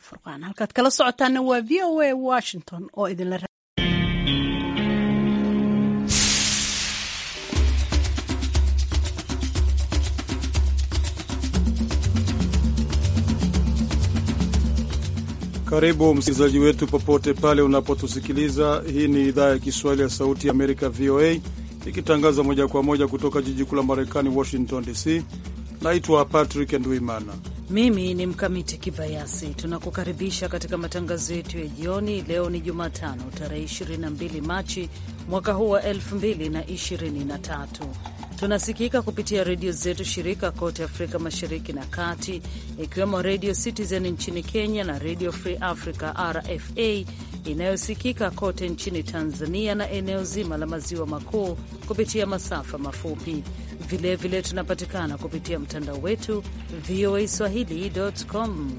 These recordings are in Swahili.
Furqaan halkaad kala socotaana waa v o a washington oo idinla Karibu msikilizaji wetu popote pale unapotusikiliza. Hii ni idhaa ya Kiswahili ya Sauti ya Amerika, VOA, ikitangaza moja kwa moja kutoka jiji kuu la Marekani, Washington DC. Naitwa Patrick Nduimana. Mimi ni Mkamiti Kibayasi. Tunakukaribisha katika matangazo yetu ya jioni. Leo ni Jumatano, tarehe 22 Machi mwaka huu wa 2023. Tunasikika kupitia redio zetu shirika kote Afrika Mashariki na Kati, ikiwemo Redio Citizen nchini Kenya na Redio Free Africa RFA inayosikika kote nchini Tanzania na eneo zima la maziwa makuu kupitia masafa mafupi Vilevile vile tunapatikana kupitia mtandao wetu VOA Swahili.com.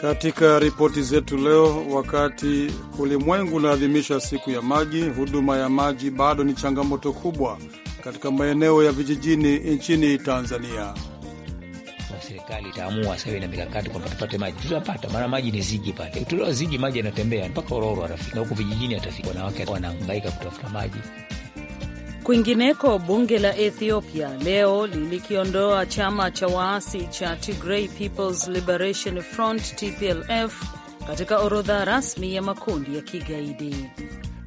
Katika ripoti zetu leo, wakati ulimwengu unaadhimisha siku ya maji, huduma ya maji bado ni changamoto kubwa katika maeneo ya vijijini nchini Tanzania serikali itaamua sasa hivi na mikakati kwamba tupate maji, tutapata. Maana maji ni ziji pale, utolewa ziji, maji yanatembea mpaka Ororo atafika na huku vijijini atafika. Wanawake wanahangaika kutafuta maji. Kwingineko, bunge la Ethiopia leo lilikiondoa chama cha waasi cha Tigray People's Liberation Front TPLF katika orodha rasmi ya makundi ya kigaidi.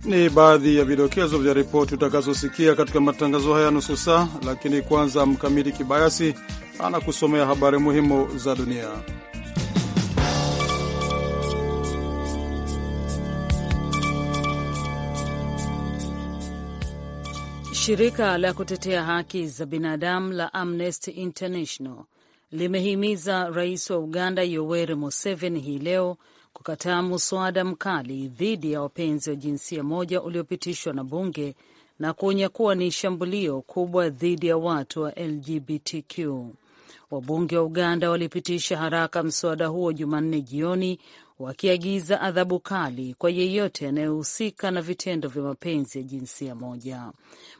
Ni baadhi ya vidokezo vya ripoti utakazosikia katika matangazo haya nusu saa, lakini kwanza, Mkamiti Kibayasi anakusomea habari muhimu za dunia. Shirika la kutetea haki za binadamu la Amnesty International limehimiza rais wa Uganda Yoweri Museveni hii leo kukataa muswada mkali dhidi ya wapenzi wa jinsia moja uliopitishwa na bunge na kuonya kuwa ni shambulio kubwa dhidi ya watu wa LGBTQ. Wabunge wa Uganda walipitisha haraka mswada huo Jumanne jioni wakiagiza adhabu kali kwa yeyote anayehusika na vitendo vya mapenzi ya jinsia moja.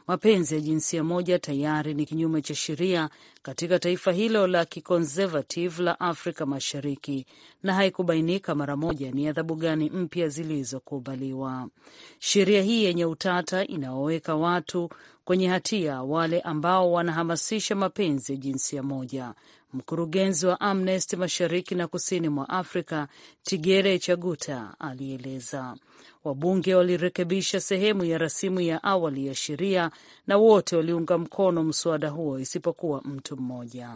Mapenzi ya jinsia moja tayari ni kinyume cha sheria katika taifa hilo la kiconservative la Afrika Mashariki, na haikubainika mara moja ni adhabu gani mpya zilizokubaliwa. Sheria hii yenye utata inawaweka watu kwenye hatia wale ambao wanahamasisha mapenzi ya jinsia moja. Mkurugenzi wa Amnesty mashariki na kusini mwa Afrika Tigere Chaguta alieleza wabunge walirekebisha sehemu ya rasimu ya awali ya sheria na wote waliunga mkono mswada huo isipokuwa mtu mmoja.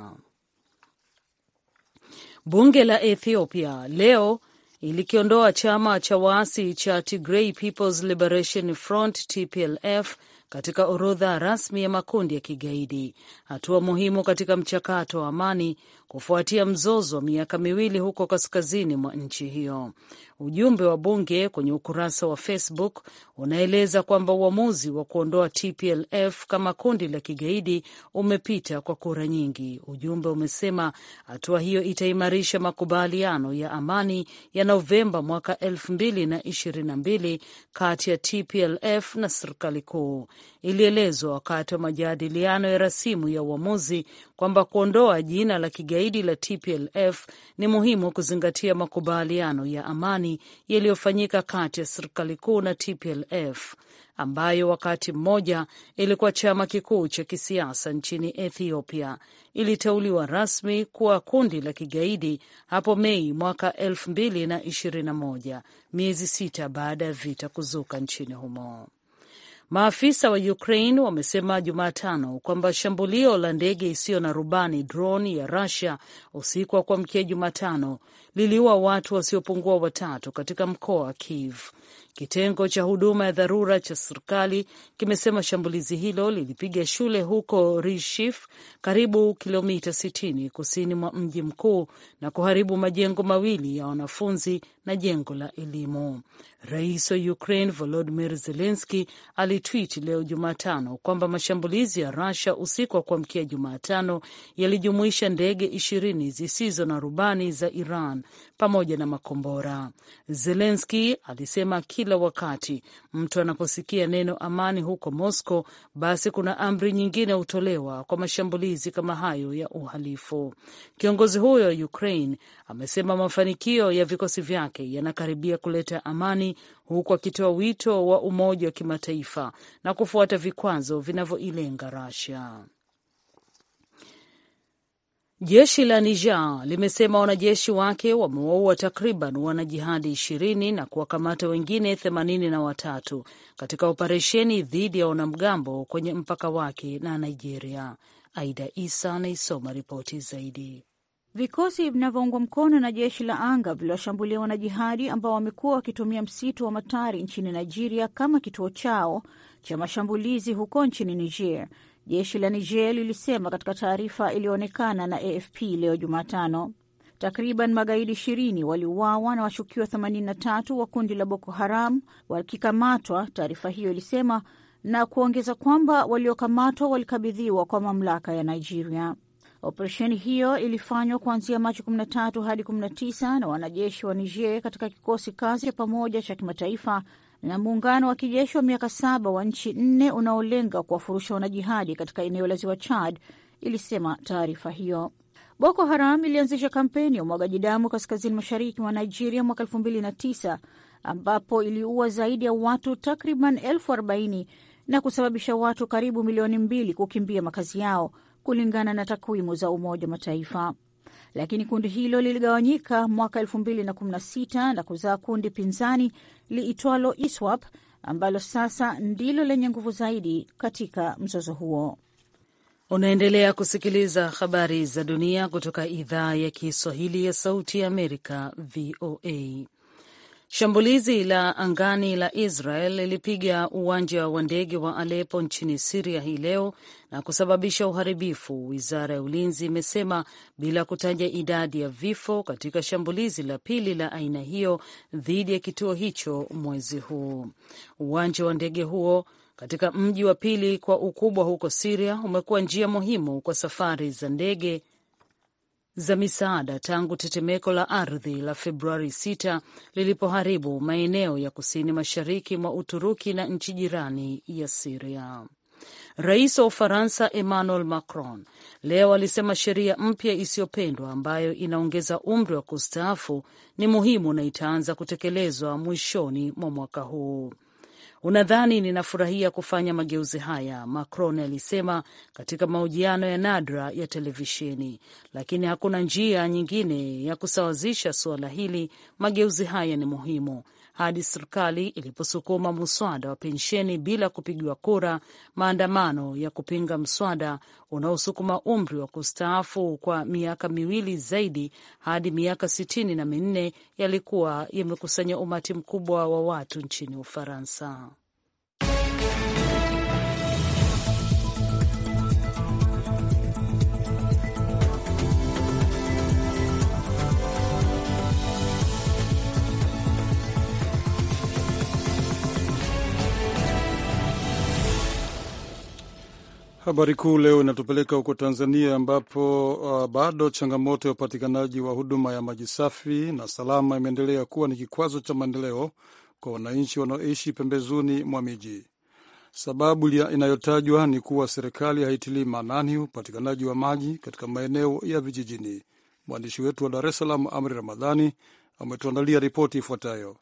Bunge la Ethiopia leo ilikiondoa chama cha waasi cha Tigray People's Liberation Front TPLF katika orodha rasmi ya makundi ya kigaidi, hatua muhimu katika mchakato wa amani kufuatia mzozo wa miaka miwili huko kaskazini mwa nchi hiyo. Ujumbe wa bunge kwenye ukurasa wa Facebook unaeleza kwamba uamuzi wa kuondoa TPLF kama kundi la kigaidi umepita kwa kura nyingi. Ujumbe umesema hatua hiyo itaimarisha makubaliano ya amani ya Novemba mwaka elfu kati ya TPLF na serikali kuu, ilielezwa wakati wa majadiliano ya rasimu ya uamuzi kwamba kuondoa jina la kigaidi la TPLF ni muhimu kuzingatia makubaliano ya amani yaliyofanyika kati ya serikali kuu na TPLF ambayo wakati mmoja ilikuwa chama kikuu cha kisiasa nchini Ethiopia, iliteuliwa rasmi kuwa kundi la kigaidi hapo Mei mwaka 2021, miezi sita baada ya vita kuzuka nchini humo. Maafisa wa Ukraine wamesema Jumatano kwamba shambulio la ndege isiyo na rubani dron ya Russia usiku wa kuamkia Jumatano liliua watu wasiopungua watatu katika mkoa wa Kiev. Kitengo cha huduma ya dharura cha serikali kimesema shambulizi hilo lilipiga shule huko Rishif, karibu kilomita 60 kusini mwa mji mkuu, na kuharibu majengo mawili ya wanafunzi na jengo la elimu. Rais wa Ukraine volodimir zelenski alitwit leo Jumatano kwamba mashambulizi ya Russia usiku wa kuamkia Jumatano yalijumuisha ndege ishirini zisizo na rubani za Iran pamoja na makombora. zelenski alisema kila wakati mtu anaposikia neno amani huko Moscow, basi kuna amri nyingine hutolewa kwa mashambulizi kama hayo ya uhalifu. Kiongozi huyo wa Ukraine amesema mafanikio ya vikosi vyake yanakaribia kuleta amani, huku akitoa wito wa umoja wa kimataifa na kufuata vikwazo vinavyoilenga Russia. Jeshi la Niger limesema wanajeshi wake wamewaua takriban wanajihadi ishirini na kuwakamata wengine themanini na watatu katika operesheni dhidi ya wanamgambo kwenye mpaka wake na Nigeria. Aida Isa anaisoma ripoti zaidi. Vikosi vinavyoungwa mkono na jeshi la anga viliwashambulia wanajihadi ambao wamekuwa wakitumia msitu wa Matari nchini Nigeria kama kituo chao cha mashambulizi huko nchini Niger jeshi la Niger lilisema katika taarifa iliyoonekana na AFP leo Jumatano. Takriban magaidi 20 waliuawa na washukiwa 83 wa kundi la Boko Haram wakikamatwa, taarifa hiyo ilisema, na kuongeza kwamba waliokamatwa walikabidhiwa kwa mamlaka ya Nigeria. Operesheni hiyo ilifanywa kuanzia Machi 13 hadi 19 na wanajeshi wa Niger katika kikosi kazi cha pamoja cha kimataifa na muungano wa kijeshi wa miaka saba wa nchi nne unaolenga kuwafurusha wanajihadi katika eneo la ziwa Chad, ilisema taarifa hiyo. Boko Haram ilianzisha kampeni ya umwagaji damu kaskazini mashariki mwa Nigeria mwaka tisa ambapo iliua zaidi ya watu takriban elfu arobaini na kusababisha watu karibu milioni mbili kukimbia makazi yao kulingana na takwimu za Umoja wa Mataifa lakini kundi hilo liligawanyika mwaka 2016 na kuzaa kundi pinzani liitwalo ISWAP ambalo sasa ndilo lenye nguvu zaidi katika mzozo huo. Unaendelea kusikiliza habari za dunia kutoka idhaa ya Kiswahili ya Sauti ya Amerika, VOA. Shambulizi la angani la Israel lilipiga uwanja wa ndege wa Alepo nchini Siria hii leo na kusababisha uharibifu, wizara ya ulinzi imesema bila kutaja idadi ya vifo katika shambulizi la pili la aina hiyo dhidi ya kituo hicho mwezi huu. Uwanja wa ndege huo katika mji wa pili kwa ukubwa huko Siria umekuwa njia muhimu kwa safari za ndege za misaada tangu tetemeko la ardhi la Februari 6 lilipoharibu maeneo ya kusini mashariki mwa Uturuki na nchi jirani ya Siria. Rais wa Ufaransa Emmanuel Macron leo alisema sheria mpya isiyopendwa ambayo inaongeza umri wa kustaafu ni muhimu na itaanza kutekelezwa mwishoni mwa mwaka huu. Unadhani ninafurahia kufanya mageuzi haya, Macron alisema katika mahojiano ya nadra ya televisheni, lakini hakuna njia nyingine ya kusawazisha suala hili. Mageuzi haya ni muhimu, hadi serikali iliposukuma mswada wa pensheni bila kupigiwa kura, maandamano ya kupinga mswada unaosukuma umri wa kustaafu kwa miaka miwili zaidi hadi miaka sitini na minne yalikuwa yamekusanya umati mkubwa wa watu nchini Ufaransa. Habari kuu leo inatupeleka huko Tanzania ambapo uh, bado changamoto ya upatikanaji wa huduma ya maji safi na salama imeendelea kuwa ni kikwazo cha maendeleo kwa wananchi wanaoishi pembezoni mwa miji. Sababu inayotajwa ni kuwa serikali haitilii maanani upatikanaji wa maji katika maeneo ya vijijini. Mwandishi wetu wa Dar es Salaam, Amri Ramadhani, ametuandalia ripoti ifuatayo.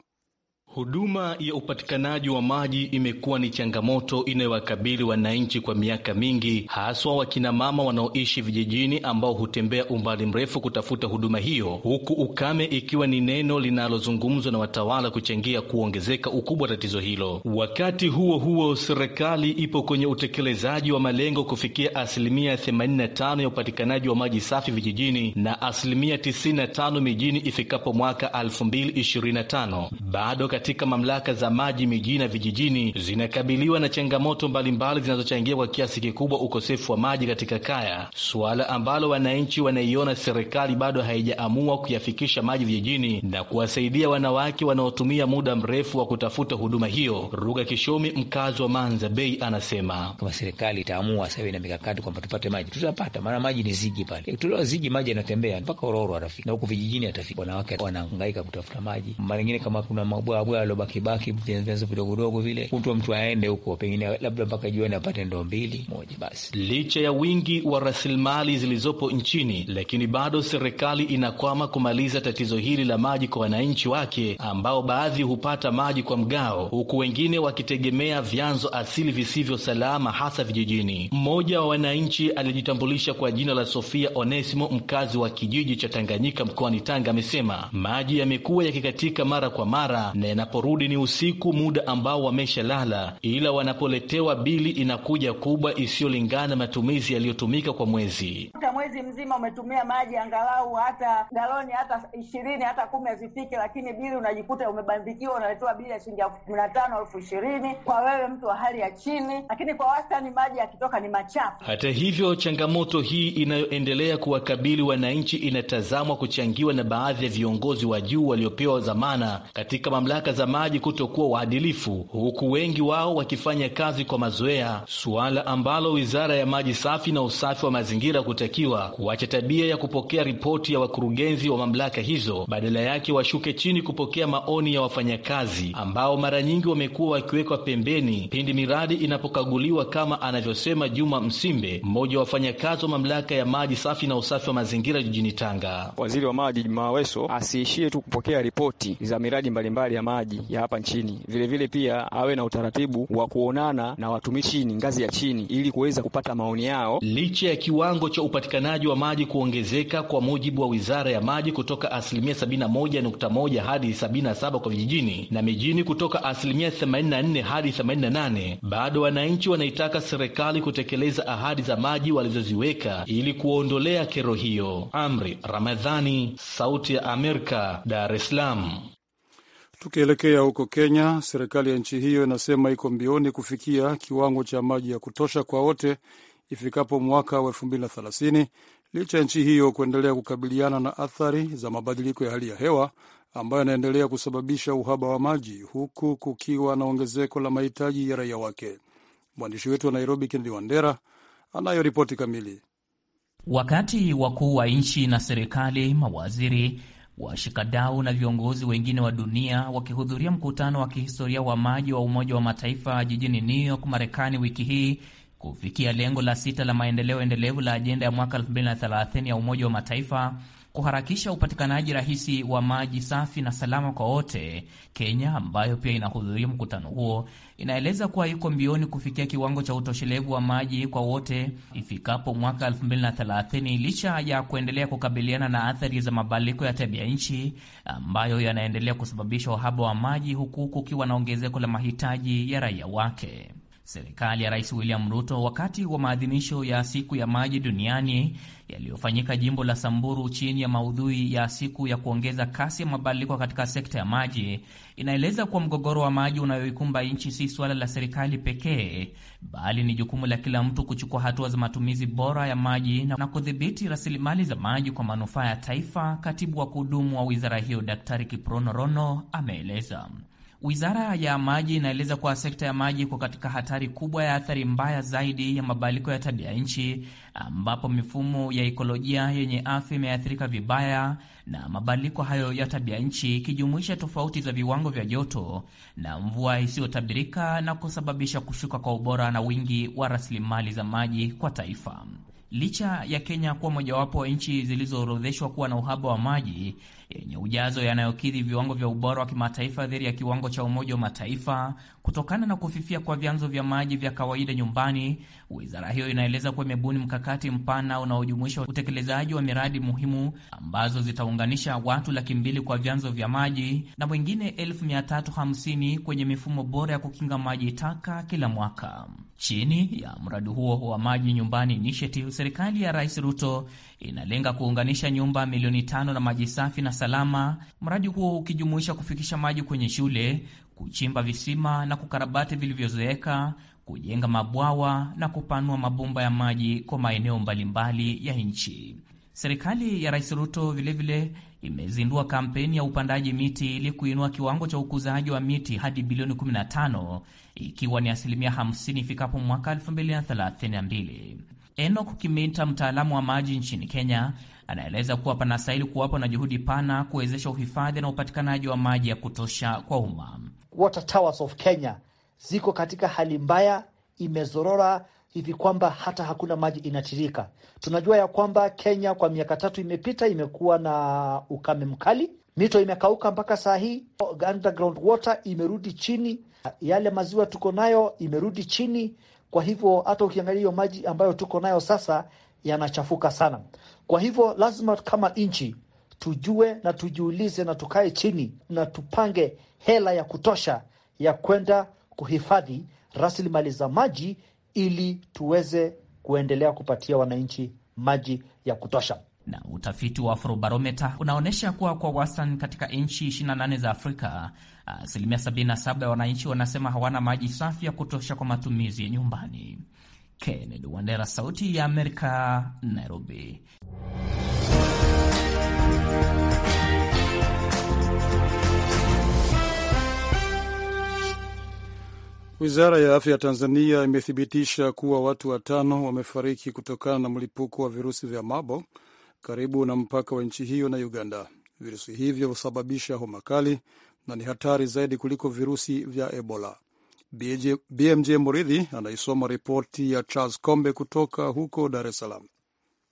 Huduma ya upatikanaji wa maji imekuwa ni changamoto inayowakabili wananchi kwa miaka mingi, haswa wakinamama wanaoishi vijijini ambao hutembea umbali mrefu kutafuta huduma hiyo, huku ukame ikiwa ni neno linalozungumzwa na watawala kuchangia kuongezeka ukubwa tatizo hilo. Wakati huo huo, serikali ipo kwenye utekelezaji wa malengo kufikia asilimia 85 ya upatikanaji wa maji safi vijijini na asilimia 95 mijini ifikapo mwaka 2025 bado katika mamlaka za maji mijini na vijijini zinakabiliwa na changamoto mbalimbali zinazochangia kwa kiasi kikubwa ukosefu wa maji katika kaya, suala ambalo wananchi wanaiona serikali bado haijaamua kuyafikisha maji vijijini na kuwasaidia wanawake wanaotumia muda mrefu wa kutafuta huduma hiyo. Ruga Kishomi, mkazi wa Manza Bei, anasema kama serikali itaamua sasa na mikakati kwamba tupate maji, tutapata, maana maji ni zigi pale, tulio zigi, maji yanatembea mpaka Ororo, rafiki na huku vijijini atafika. Wanawake wanahangaika kutafuta maji, mara nyingine kama kuna mabwawa mabwawa yalobakibaki, vyanzo vidogodogo vile, kutwa mtu aende huko pengine labda mpaka jioni apate ndoo mbili moja basi. Licha ya wingi wa rasilimali zilizopo nchini, lakini bado serikali inakwama kumaliza tatizo hili la maji kwa wananchi wake ambao baadhi hupata maji kwa mgao, huku wengine wakitegemea vyanzo asili visivyo salama, hasa vijijini. Mmoja wa wananchi alijitambulisha kwa jina la Sofia Onesimo, mkazi wa kijiji cha Tanganyika mkoani Tanga, amesema maji yamekuwa yakikatika mara kwa mara na yanaporudi ni usiku, muda ambao wameshalala, ila wanapoletewa bili inakuja kubwa isiyolingana matumizi yaliyotumika kwa mwezi mwezi mzima umetumia maji angalau hata galoni hata ishirini hata kumi hazifiki, lakini bili unajikuta umebandikiwa unaletewa bili ya shilingi elfu kumi na tano elfu ishirini kwa wewe mtu wa hali ya chini, lakini kwa wastani maji yakitoka ni machafu. Hata hivyo, changamoto hii inayoendelea kuwakabili wananchi inatazamwa kuchangiwa na baadhi ya viongozi wa juu waliopewa zamana katika mamlaka za maji kutokuwa waadilifu, huku wengi wao wakifanya kazi kwa mazoea, suala ambalo wizara ya maji safi na usafi wa mazingira kutakiwa wanatakiwa kuacha tabia ya kupokea ripoti ya wakurugenzi wa mamlaka hizo, badala yake washuke chini kupokea maoni ya wafanyakazi ambao mara nyingi wamekuwa wakiwekwa pembeni pindi miradi inapokaguliwa, kama anavyosema Juma Msimbe, mmoja wa wafanyakazi wa mamlaka ya maji safi na usafi wa mazingira jijini Tanga. Waziri wa maji Juma Aweso asiishie tu kupokea ripoti za miradi mbalimbali ya maji ya hapa nchini, vilevile vile pia awe na utaratibu wa kuonana na watumishi ngazi ya chini ili kuweza kupata maoni yao licha ya kiwango cha upatikanaji upatikanaji wa maji kuongezeka kwa mujibu wa Wizara ya Maji kutoka asilimia 71.1 hadi 77 kwa vijijini na mijini kutoka asilimia 84 hadi 88. Bado wananchi wanaitaka serikali kutekeleza ahadi za maji walizoziweka ili kuondolea kero hiyo. Amri Ramadhani, Sauti ya Amerika, Dar es Salaam. Tukielekea huko Kenya, serikali ya nchi hiyo inasema iko mbioni kufikia kiwango cha maji ya kutosha kwa wote ifikapo mwaka wa 2030 licha ya nchi hiyo kuendelea kukabiliana na athari za mabadiliko ya hali ya hewa ambayo yanaendelea kusababisha uhaba wa maji huku kukiwa na ongezeko la mahitaji ya raia wake. Mwandishi wetu wa Nairobi, Kennedy Wandera, anayo ripoti kamili. Wakati wakuu wa nchi na serikali, mawaziri, washikadau na viongozi wengine wa dunia wakihudhuria mkutano wa kihistoria wa maji wa Umoja wa Mataifa jijini New York, Marekani wiki hii kufikia lengo la sita la maendeleo endelevu la ajenda ya mwaka 2030 ya Umoja wa Mataifa kuharakisha upatikanaji rahisi wa maji safi na salama kwa wote. Kenya ambayo pia inahudhuria mkutano huo inaeleza kuwa iko mbioni kufikia kiwango cha utoshelevu wa maji kwa wote ifikapo mwaka 2030 licha ya kuendelea kukabiliana na athari za mabadiliko ya tabia nchi ambayo yanaendelea kusababisha uhaba wa maji huku kukiwa na ongezeko la mahitaji ya raia wake. Serikali ya Rais William Ruto wakati wa maadhimisho ya siku ya maji duniani yaliyofanyika jimbo la Samburu chini ya maudhui ya siku ya kuongeza kasi ya mabadiliko katika sekta ya maji inaeleza kuwa mgogoro wa maji unayoikumba nchi si suala la serikali pekee, bali ni jukumu la kila mtu kuchukua hatua za matumizi bora ya maji na kudhibiti rasilimali za maji kwa manufaa ya taifa. Katibu wa kudumu wa wizara hiyo Daktari Kiprono Rono ameeleza Wizara ya maji inaeleza kuwa sekta ya maji iko katika hatari kubwa ya athari mbaya zaidi ya mabadiliko ya tabia nchi, ambapo mifumo ya ikolojia yenye afya imeathirika vibaya na mabadiliko hayo ya tabia nchi, ikijumuisha tofauti za viwango vya joto na mvua isiyotabirika na kusababisha kushuka kwa ubora na wingi wa rasilimali za maji kwa taifa. Licha ya Kenya kuwa mojawapo wa nchi zilizoorodheshwa kuwa na uhaba wa maji yenye ujazo yanayokidhi viwango vya ubora wa kimataifa dhidi ya kiwango cha Umoja wa Mataifa kutokana na kufifia kwa vyanzo vya maji vya kawaida nyumbani, wizara hiyo inaeleza kuwa imebuni mkakati mpana unaojumuisha utekelezaji wa miradi muhimu ambazo zitaunganisha watu laki mbili kwa vyanzo vya maji na wengine elfu mia tatu hamsini kwenye mifumo bora ya kukinga maji taka kila mwaka. Chini ya mradi huo wa Maji Nyumbani Initiative, serikali ya Rais Ruto inalenga kuunganisha nyumba milioni tano na maji safi na salama, mradi huo ukijumuisha kufikisha maji kwenye shule, kuchimba visima na kukarabati vilivyozeeka, kujenga mabwawa na kupanua mabomba ya maji kwa maeneo mbalimbali ya nchi. Serikali ya Rais Ruto vilevile imezindua kampeni ya upandaji miti ili kuinua kiwango cha ukuzaji wa miti hadi bilioni 15 ikiwa ni asilimia 50 ifikapo mwaka 2032. enok Kiminta, mtaalamu wa maji nchini Kenya, anaeleza kuwa panastahili kuwapo na juhudi pana kuwezesha uhifadhi na upatikanaji wa maji ya kutosha kwa umma. Water Towers of Kenya ziko katika hali mbaya, imezorora hivi kwamba hata hakuna maji inatirika. Tunajua ya kwamba Kenya kwa miaka tatu imepita imekuwa na ukame mkali, mito imekauka mpaka saa hii, underground water imerudi chini, yale maziwa tuko nayo imerudi chini. Kwa hivyo hata ukiangalia hiyo maji ambayo tuko nayo sasa yanachafuka sana. Kwa hivyo lazima kama nchi tujue na tujiulize na tukae chini na tupange hela ya kutosha ya kwenda kuhifadhi rasilimali za maji ili tuweze kuendelea kupatia wananchi maji ya kutosha. Na utafiti wa Afrobarometa unaonyesha kuwa kwa wastani katika nchi 28 za Afrika asilimia 77 ya wananchi wanasema hawana maji safi ya kutosha kwa matumizi ya nyumbani. Kennedy Wandera, Sauti ya Amerika, Nairobi. Wizara ya afya ya Tanzania imethibitisha kuwa watu watano wamefariki kutokana na mlipuko wa virusi vya mabo karibu na mpaka wa nchi hiyo na Uganda. Virusi hivyo husababisha homa kali na ni hatari zaidi kuliko virusi vya Ebola. BMJ Muridhi anaisoma ripoti ya Charles Kombe kutoka huko Dar es Salaam.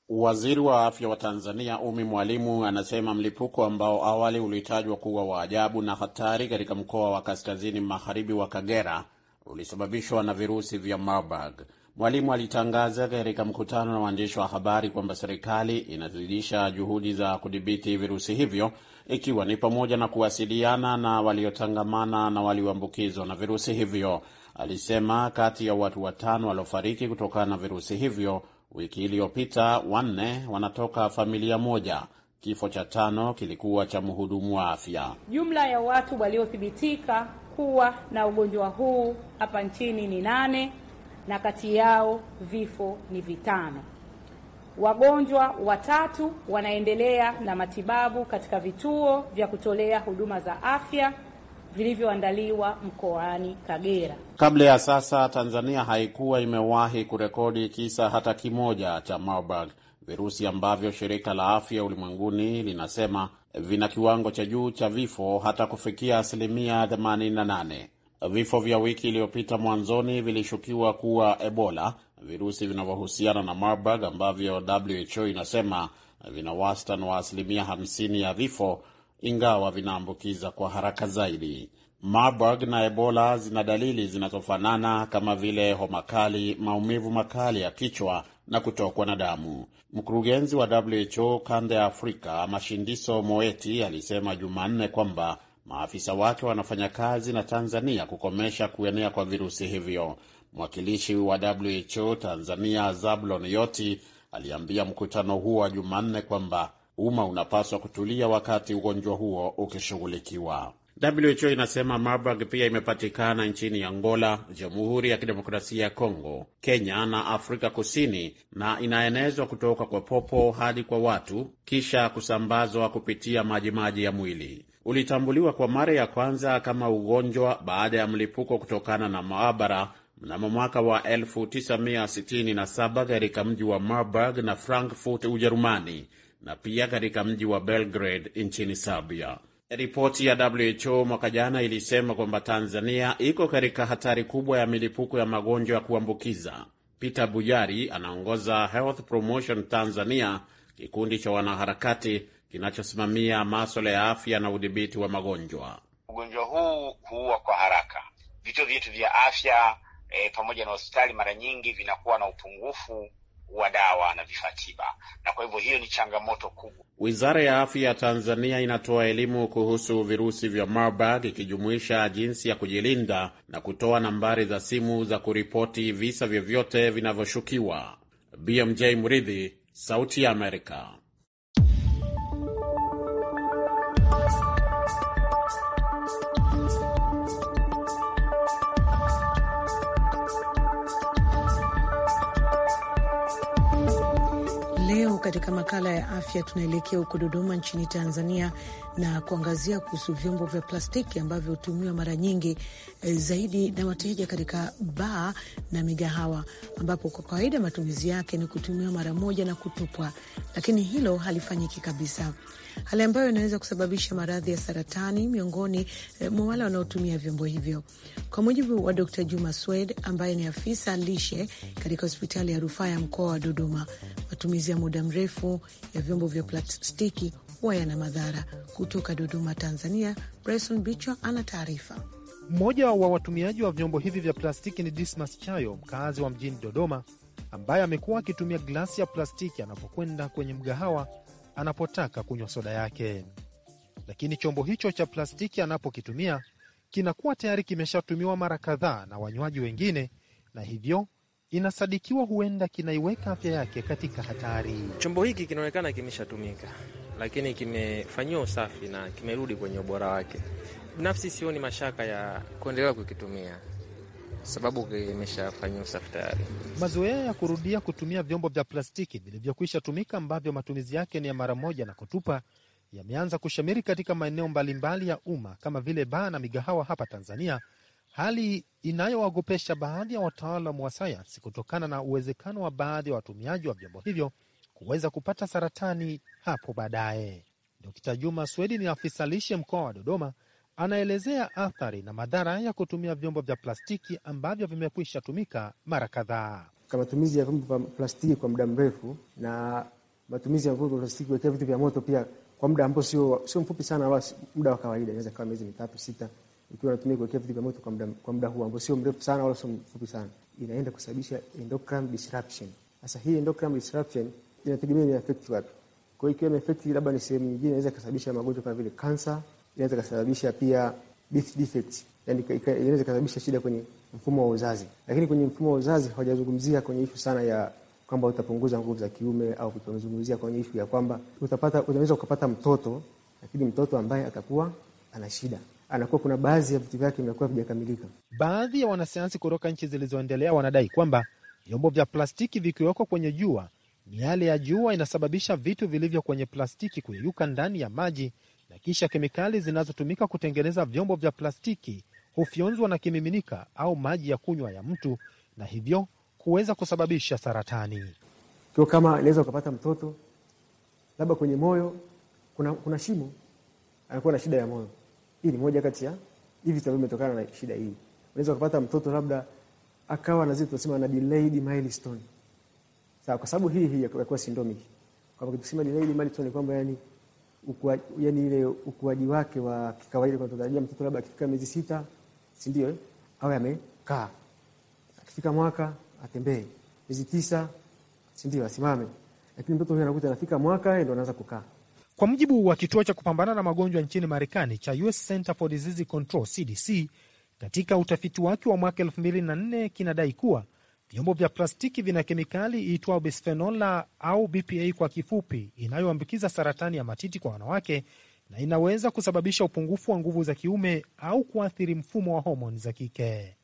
Waziri wa afya wa Tanzania Umi Mwalimu anasema mlipuko ambao awali ulitajwa kuwa wa ajabu na hatari katika mkoa wa kaskazini magharibi wa Kagera ulisababishwa na virusi vya Marburg. Mwalimu alitangaza katika mkutano na waandishi wa habari kwamba serikali inazidisha juhudi za kudhibiti virusi hivyo, ikiwa ni pamoja na kuwasiliana na waliotangamana na walioambukizwa na virusi hivyo. Alisema kati ya watu watano waliofariki kutokana na virusi hivyo wiki iliyopita, wanne wanatoka familia moja. Kifo cha tano kilikuwa cha mhudumu wa afya. Jumla ya watu waliothibitika kuwa na ugonjwa huu hapa nchini ni nane na kati yao vifo ni vitano. Wagonjwa watatu wanaendelea na matibabu katika vituo vya kutolea huduma za afya vilivyoandaliwa mkoani Kagera. Kabla ya sasa, Tanzania haikuwa imewahi kurekodi kisa hata kimoja cha Marburg, virusi ambavyo shirika la afya ulimwenguni linasema vina kiwango cha juu cha vifo hata kufikia asilimia 88. Vifo vya wiki iliyopita mwanzoni vilishukiwa kuwa Ebola, virusi vinavyohusiana na Marburg ambavyo WHO inasema vina wastani wa asilimia 50 ya vifo, ingawa vinaambukiza kwa haraka zaidi. Marburg na Ebola zina dalili zinazofanana kama vile homa kali, maumivu makali ya kichwa na kutokwa na damu. Mkurugenzi wa WHO kanda ya Afrika, Mashindiso Moeti, alisema Jumanne kwamba maafisa wake wanafanya kazi na Tanzania kukomesha kuenea kwa virusi hivyo. Mwakilishi wa WHO Tanzania, Zablon Yoti, aliambia mkutano huo wa Jumanne kwamba umma unapaswa kutulia wakati ugonjwa huo ukishughulikiwa. WHO inasema Marburg pia imepatikana nchini Angola, Jamhuri ya Kidemokrasia ya Kongo, Kenya na Afrika Kusini, na inaenezwa kutoka kwa popo hadi kwa watu kisha kusambazwa kupitia majimaji ya mwili. Ulitambuliwa kwa mara ya kwanza kama ugonjwa baada ya mlipuko kutokana na maabara mnamo mwaka wa 1967 katika mji wa Marburg na Frankfurt, Ujerumani, na pia katika mji wa Belgrade nchini Serbia. Ripoti ya WHO mwaka jana ilisema kwamba Tanzania iko katika hatari kubwa ya milipuko ya magonjwa ya kuambukiza. Peter buyari anaongoza Health Promotion Tanzania, kikundi cha wanaharakati kinachosimamia maswala ya afya na udhibiti wa magonjwa. Ugonjwa huu huua kwa haraka. Vituo vyetu vya afya e, pamoja na hospitali mara nyingi vinakuwa na upungufu wa dawa na vifaa tiba, na kwa hivyo hiyo ni changamoto kubwa. Wizara ya Afya ya Tanzania inatoa elimu kuhusu virusi vya Marburg ikijumuisha jinsi ya kujilinda na kutoa nambari za simu za kuripoti visa vyovyote vinavyoshukiwa. BMJ Mridhi, Sauti ya Amerika. katika makala ya afya tunaelekea huko Dodoma nchini Tanzania, na kuangazia kuhusu vyombo vya plastiki ambavyo hutumiwa mara nyingi e, zaidi na wateja katika baa na migahawa, ambapo kwa kawaida matumizi yake ni kutumiwa mara moja na kutupwa, lakini hilo halifanyiki kabisa, hali ambayo inaweza kusababisha maradhi ya saratani miongoni e, mwa wale wanaotumia vyombo hivyo, kwa mujibu wa Dr. Juma Swed ambaye ni afisa lishe katika hospitali ya rufaa ya mkoa wa Dodoma. Matumizi ya muda mrefu ya vyombo vya plastiki kuwa yana madhara. Kutoka Dodoma, Tanzania, Bryson Bicho ana taarifa. Mmoja wa watumiaji wa vyombo hivi vya plastiki ni Dismas Chayo, mkaazi wa mjini Dodoma, ambaye amekuwa akitumia glasi ya plastiki anapokwenda kwenye mgahawa anapotaka kunywa soda yake. Lakini chombo hicho cha plastiki anapokitumia kinakuwa tayari kimeshatumiwa mara kadhaa na wanywaji wengine, na hivyo inasadikiwa huenda kinaiweka afya yake katika hatari. Chombo hiki kinaonekana kimeshatumika lakini kimefanyiwa usafi na kimerudi kwenye ubora wake. Binafsi sioni mashaka ya kuendelea kukitumia sababu kimeshafanyia usafi tayari. Mazoea ya kurudia kutumia vyombo vya plastiki vilivyokwisha tumika ambavyo matumizi yake ni ya mara moja na kutupa yameanza kushamiri katika maeneo mbalimbali ya umma kama vile baa na migahawa hapa Tanzania, hali inayowaogopesha baadhi ya wataalamu wa sayansi kutokana na uwezekano wa baadhi ya watumiaji wa vyombo hivyo huweza kupata saratani hapo baadaye. Dkt. Juma Swedi ni afisa lishe mkoa wa Dodoma, anaelezea athari na madhara ya kutumia vyombo vya plastiki ambavyo vimekwisha tumika mara kadhaa. Matumizi ya vyombo vya plastiki kwa muda mrefu na matumizi ya vyombo vya plastiki kuwekea vitu vya moto pia kwa muda ambao sio sio mfupi sana, wala muda wa kawaida, inaweza kawa miezi mitatu sita, ikiwa natumia kuwekea vitu vya moto kwa muda kwa muda huo ambao sio mrefu sana wala sio mfupi sana, inaenda kusababisha endocrine disruption. Sasa hii endocrine disruption inategemea ni affect wapi. Kwa hiyo ikiwa ina affect labda ni sehemu nyingine, inaweza kusababisha magonjwa kama vile kansa, inaweza kusababisha pia birth defect, yani inaweza kusababisha shida kwenye mfumo wa uzazi. Lakini kwenye mfumo wa uzazi hawajazungumzia kwenye ishu sana ya kwamba utapunguza nguvu za kiume au kutozungumzia kwenye ishu ya kwamba utapata, unaweza ukapata mtoto lakini mtoto ambaye atakuwa ana shida anakuwa kuna baadhi ya vitu vyake vinakuwa vijakamilika. Baadhi ya wanasayansi kutoka nchi zilizoendelea wanadai kwamba vyombo vya plastiki vikiwekwa kwenye jua Miale ya jua inasababisha vitu vilivyo kwenye plastiki kuyeyuka ndani ya maji na kisha kemikali zinazotumika kutengeneza vyombo vya plastiki hufyonzwa na kimiminika au maji ya kunywa ya mtu na hivyo kuweza kusababisha saratani. Kio kama inaweza ukapata mtoto labda kwenye moyo kuna, kuna shimo, anakuwa na shida ya moyo. Hii ni moja kati ya hivi ambavyo vimetokana na shida hii. Unaweza ukapata mtoto labda akawa nazii tunasema na delayed milestone Sawa, kwa sababu hii hii ya kuwa syndromic. Kwa sababu tukisema delay ni Malton kwamba yani ukua, yani ile ukuaji wake wa kikawaida kwa tutarajia mtoto labda akifika miezi sita, si ndio eh? Au amekaa. Akifika mwaka atembee. Miezi tisa, si ndio asimame. Lakini mtoto huyo anakuta anafika mwaka ndio anaanza kukaa. Kwa mujibu wa kituo cha kupambana na magonjwa nchini Marekani cha US Center for Disease Control CDC, katika utafiti wake wa mwaka 2004 kinadai kuwa Vyombo vya plastiki vina kemikali iitwayo bisfenola au BPA kwa kifupi, inayoambukiza saratani ya matiti kwa wanawake na inaweza kusababisha upungufu wa nguvu za kiume au kuathiri mfumo wa homoni za kike.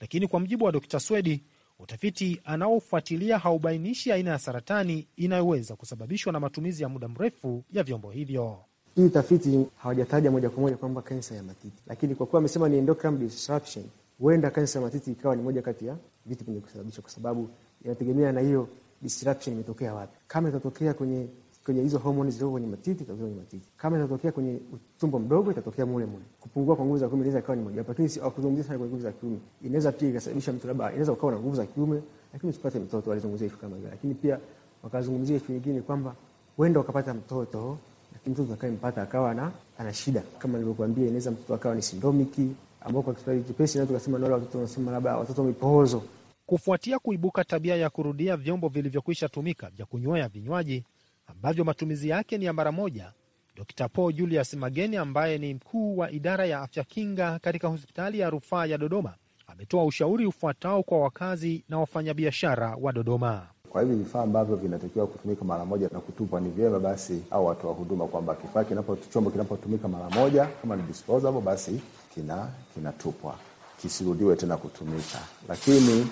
Lakini kwa mjibu wa Dr Swedi, utafiti anaofuatilia haubainishi aina ya saratani inayoweza kusababishwa na matumizi ya muda mrefu ya vyombo hivyo. Hii tafiti hawajataja moja kwa moja kwamba kansa ya matiti, lakini kwa kuwa amesema ni endocrine disruption huenda kansa ya matiti ikawa ni moja kati ya vitu vyenye kusababisha, kwa sababu inategemea na hiyo disruption imetokea wapi. Kama itatokea kwenye kwenye hizo homoni zilizoko kwenye matiti, itatokea kwenye matiti. Kama itatokea kwenye utumbo mdogo, itatokea mule mule. Kupungua kwa nguvu za kiume inaweza ikawa ni moja hapo, lakini akuzungumzia sana kwenye nguvu za kiume. Inaweza pia ikasababisha mtu labda inaweza ukawa na nguvu za kiume lakini usipate mtoto, alizungumzia kitu kama hiyo. Lakini pia wakazungumzia kitu nyingine kwamba huenda ukapata mtoto lakini mtoto akaempata akawa na ana shida kama nilivyokuambia, inaweza mtoto akawa ni sindomiki ambao kwa Kiswahili chepesi naweza tukasema ni wale watoto wanasema labda watoto mipohozo. Kufuatia kuibuka tabia ya kurudia vyombo vilivyokwisha tumika vya kunywea vinywaji ambavyo matumizi yake ni ya mara moja, Dr Paul Julius Mageni ambaye ni mkuu wa idara ya afya kinga katika hospitali ya rufaa ya Dodoma ametoa ushauri ufuatao kwa wakazi na wafanyabiashara wa Dodoma. Kwa hivyo vifaa ambavyo vinatakiwa kutumika mara moja na kutupwa, ni vyema basi au watoa wa huduma kwamba kifaa kinapo, chombo kinapotumika mara moja, kama ni disposable, basi kina kinatupwa kisirudiwe tena kutumika. Lakini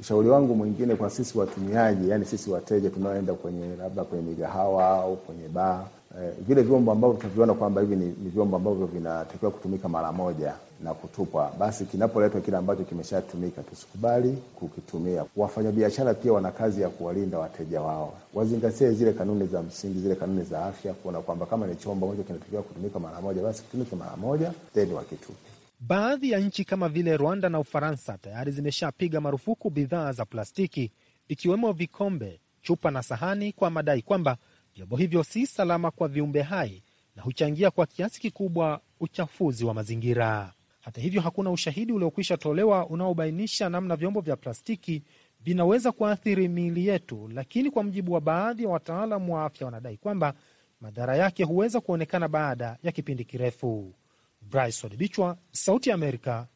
ushauri wangu mwingine kwa sisi watumiaji, yani sisi wateja tunaoenda kwenye labda kwenye migahawa au kwenye baa eh, vile vyombo ambavyo tunaviona kwamba hivi ni, ni vyombo ambavyo vinatakiwa kutumika mara moja na kutupwa, basi kinapoletwa kile ambacho kimeshatumika tusikubali kukitumia. Wafanyabiashara pia wana kazi ya kuwalinda wateja wao, wazingatie zile kanuni za msingi, zile kanuni za afya, kuona kwamba kama ni chombo ambacho kinatakiwa kutumika mara moja, basi kitumike mara moja, then wakitupe. Baadhi ya nchi kama vile Rwanda na Ufaransa tayari zimeshapiga marufuku bidhaa za plastiki ikiwemo vikombe, chupa na sahani kwa madai kwamba vyombo hivyo si salama kwa viumbe hai na huchangia kwa kiasi kikubwa uchafuzi wa mazingira. Hata hivyo, hakuna ushahidi uliokwisha tolewa unaobainisha namna vyombo vya plastiki vinaweza kuathiri miili yetu, lakini kwa mujibu wa baadhi ya wataalamu wa afya wanadai kwamba madhara yake huweza kuonekana baada ya kipindi kirefu. Bryson Bichwa, Sauti ya Amerika,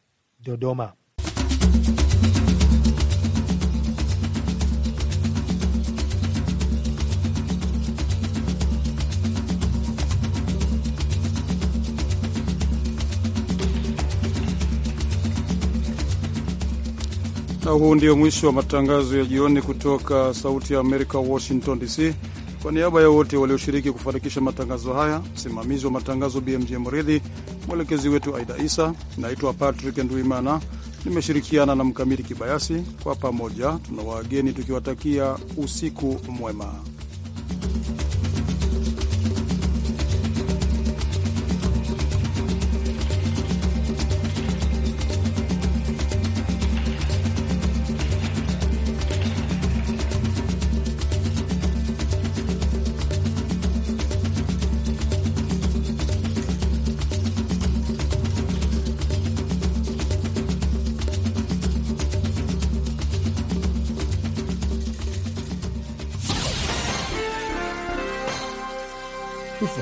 Dodoma. Na huu ndio mwisho wa matangazo ya jioni kutoka Sauti ya Amerika, Washington DC. Kwa niaba ya wote walioshiriki kufanikisha matangazo haya, msimamizi wa matangazo BMJ Mridhi, mwelekezi wetu Aida Isa. Naitwa Patrick Nduimana, nimeshirikiana na Mkamiti Kibayasi. Kwa pamoja tuna wageni tukiwatakia usiku mwema.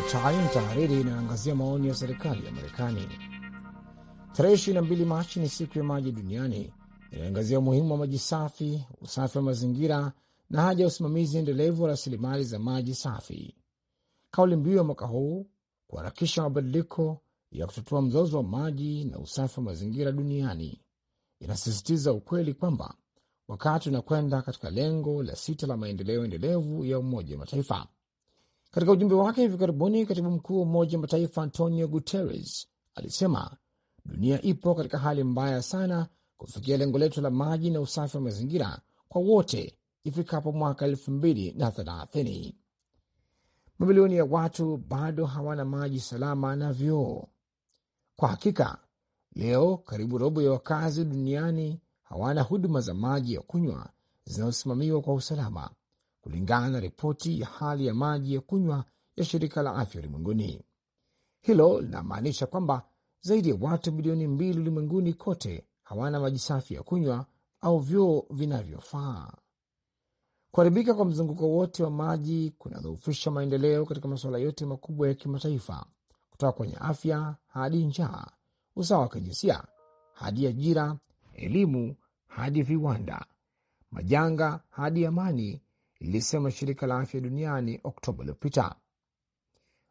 Ifuatayo ni tahariri inayoangazia maoni ya serikali ya Marekani. Tarehe 22 Machi ni siku ya maji duniani inayoangazia umuhimu wa maji safi, usafi wa mazingira na haja ya usimamizi endelevu wa rasilimali za maji safi. Kauli mbiu ya mwaka huu kuharakisha mabadiliko ya kutatua mzozo wa maji na usafi wa mazingira duniani inasisitiza ukweli kwamba wakati unakwenda katika lengo la sita la maendeleo endelevu ya Umoja wa Mataifa katika ujumbe wake hivi karibuni, katibu mkuu wa Umoja wa Mataifa Antonio Guterres alisema dunia ipo katika hali mbaya sana kufikia lengo letu la maji na usafi wa mazingira kwa wote ifikapo mwaka elfu mbili na thelathini. Mamilioni ya watu bado hawana maji salama na vyoo. Kwa hakika, leo karibu robo ya wakazi duniani hawana huduma za maji ya kunywa zinazosimamiwa kwa usalama kulingana na ripoti ya hali ya maji ya kunywa ya shirika la afya ulimwenguni. Hilo linamaanisha kwamba zaidi ya watu bilioni mbili ulimwenguni kote hawana maji safi ya kunywa au vyoo vinavyofaa. Kuharibika kwa mzunguko wote wa maji kunadhoofisha maendeleo katika masuala yote makubwa ya kimataifa, kutoka kwenye afya hadi njaa, usawa wa kijinsia hadi ajira, elimu hadi viwanda, majanga hadi amani lilisema shirika la afya duniani Oktoba iliyopita.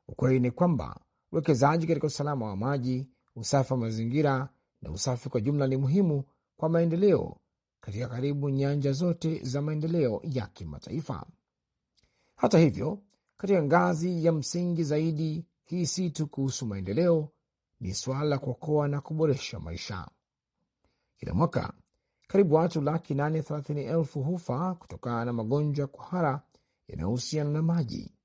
Ukweli ni kwamba uwekezaji katika usalama wa maji, usafi wa mazingira na usafi kwa jumla ni muhimu kwa maendeleo katika karibu nyanja zote za maendeleo ya kimataifa. Hata hivyo, katika ngazi ya msingi zaidi, hii si tu kuhusu maendeleo, ni suala la kuokoa na kuboresha maisha. Kila mwaka karibu watu laki nane thelathini elfu hufa kutokana na magonjwa ya kuhara yanayohusiana na maji.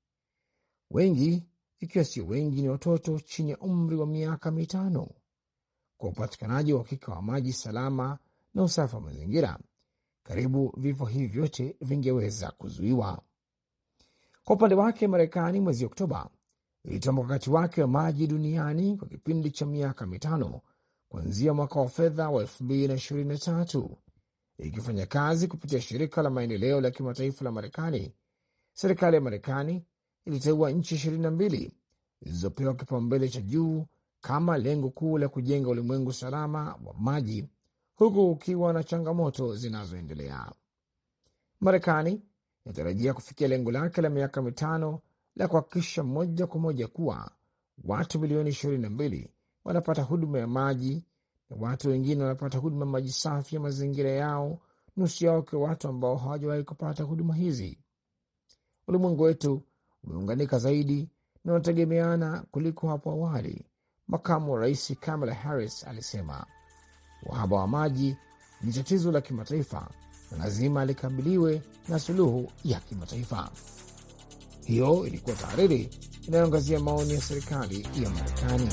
Wengi ikiwa sio wengi, ni watoto chini ya umri wa miaka mitano. Kwa upatikanaji wa uhakika wa maji salama na usafi wa mazingira, karibu vifo hivi vyote vingeweza kuzuiwa. Kwa upande wake, Marekani mwezi Oktoba ilitoa mkakati wake wa maji duniani kwa kipindi cha miaka mitano kuanzia mwaka wa fedha wa 2023 ikifanya kazi kupitia shirika la maendeleo la kimataifa la Marekani. Serikali ya Marekani iliteua nchi 22 zilizopewa kipaumbele cha juu kama lengo kuu la kujenga ulimwengu salama wa maji, huku ukiwa na changamoto zinazoendelea. Marekani inatarajia kufikia lengo lake la miaka mitano la kuhakikisha moja kwa moja kuwa watu milioni 22 wanapata huduma ya maji na watu wengine wanapata huduma ya maji safi ya mazingira yao, nusu yao kwa watu ambao hawajawahi kupata huduma hizi. Ulimwengu wetu umeunganika zaidi na unategemeana kuliko hapo awali, makamu wa rais Kamala Harris alisema. Uhaba wa maji ni tatizo la kimataifa na lazima likabiliwe na suluhu ya kimataifa. Hiyo ilikuwa tahariri inayoangazia maoni ya serikali ya Marekani.